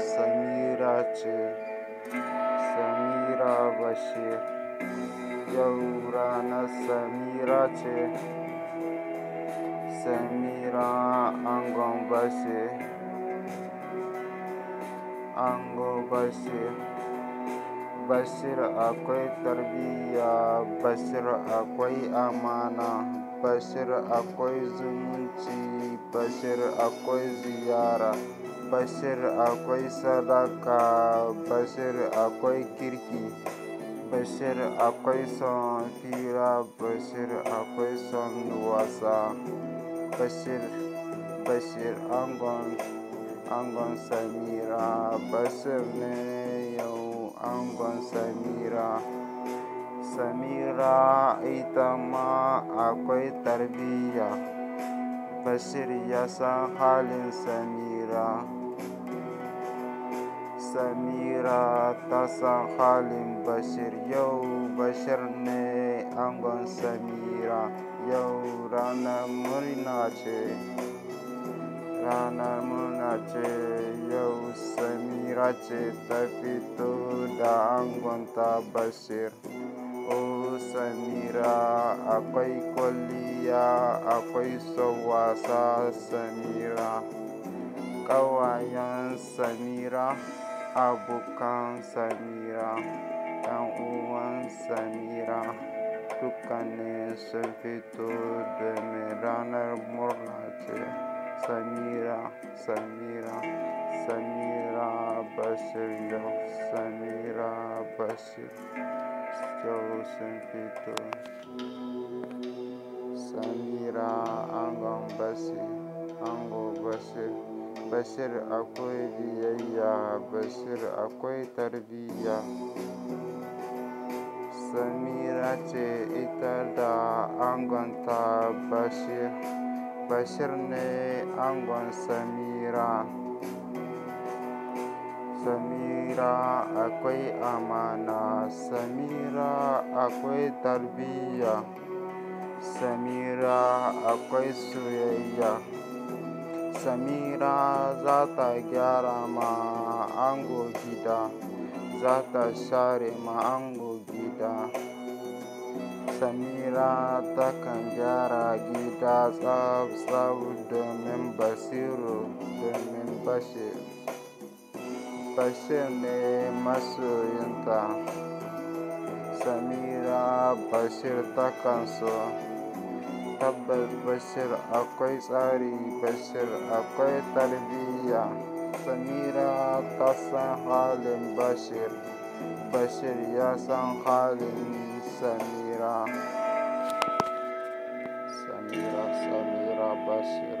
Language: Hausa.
Samira ce, Samira Bashir, yau ranar Samira ce, Samira Angon Ango Bashir, Bashir akwai tarbiyya, Bashir akwai amana. Bashir akwai zumunci, Bashir akwai ziyara. bashir akwai sadaka bashir akwai kirki bashir akwai son fira bashir akwai son wasa bashir bashir angon angon samira bashir ne yau angon samira samira ita ma akwai tarbiyya bashir ya san halin samira samira tasang halim bashir yau bashir ne angon samira yau rana murinache rana murinache yau samira che tapitu da angon ta bashir o samira akai kolia akai sawasa samira Kawayan Samira Samira abukan samira dan uwan samira tukane sefitu demiraner murnace samira samira samira basirjo samira basir jo sefitu samira angong basir angong basir bashir akwai biyayya bashir akwai tarbiyya samira ce ita da angonta bashir bashir ne angon samira samira akwai amana samira akwai tarbiyya samira akwai soyayya Samira za ta gyara ma ango gida, za ta share ma ango gida. Samira takan gyara gida tsab tsab domin Basiru domin Bashir. Bashir ne masoyinta. Samira Bashir takan so. تقبل بشر أقوي ساري بشر أقوي تربية سميرة تصن خالم بشر بشر يا سن خالم سميرة سميرة سميرة بشر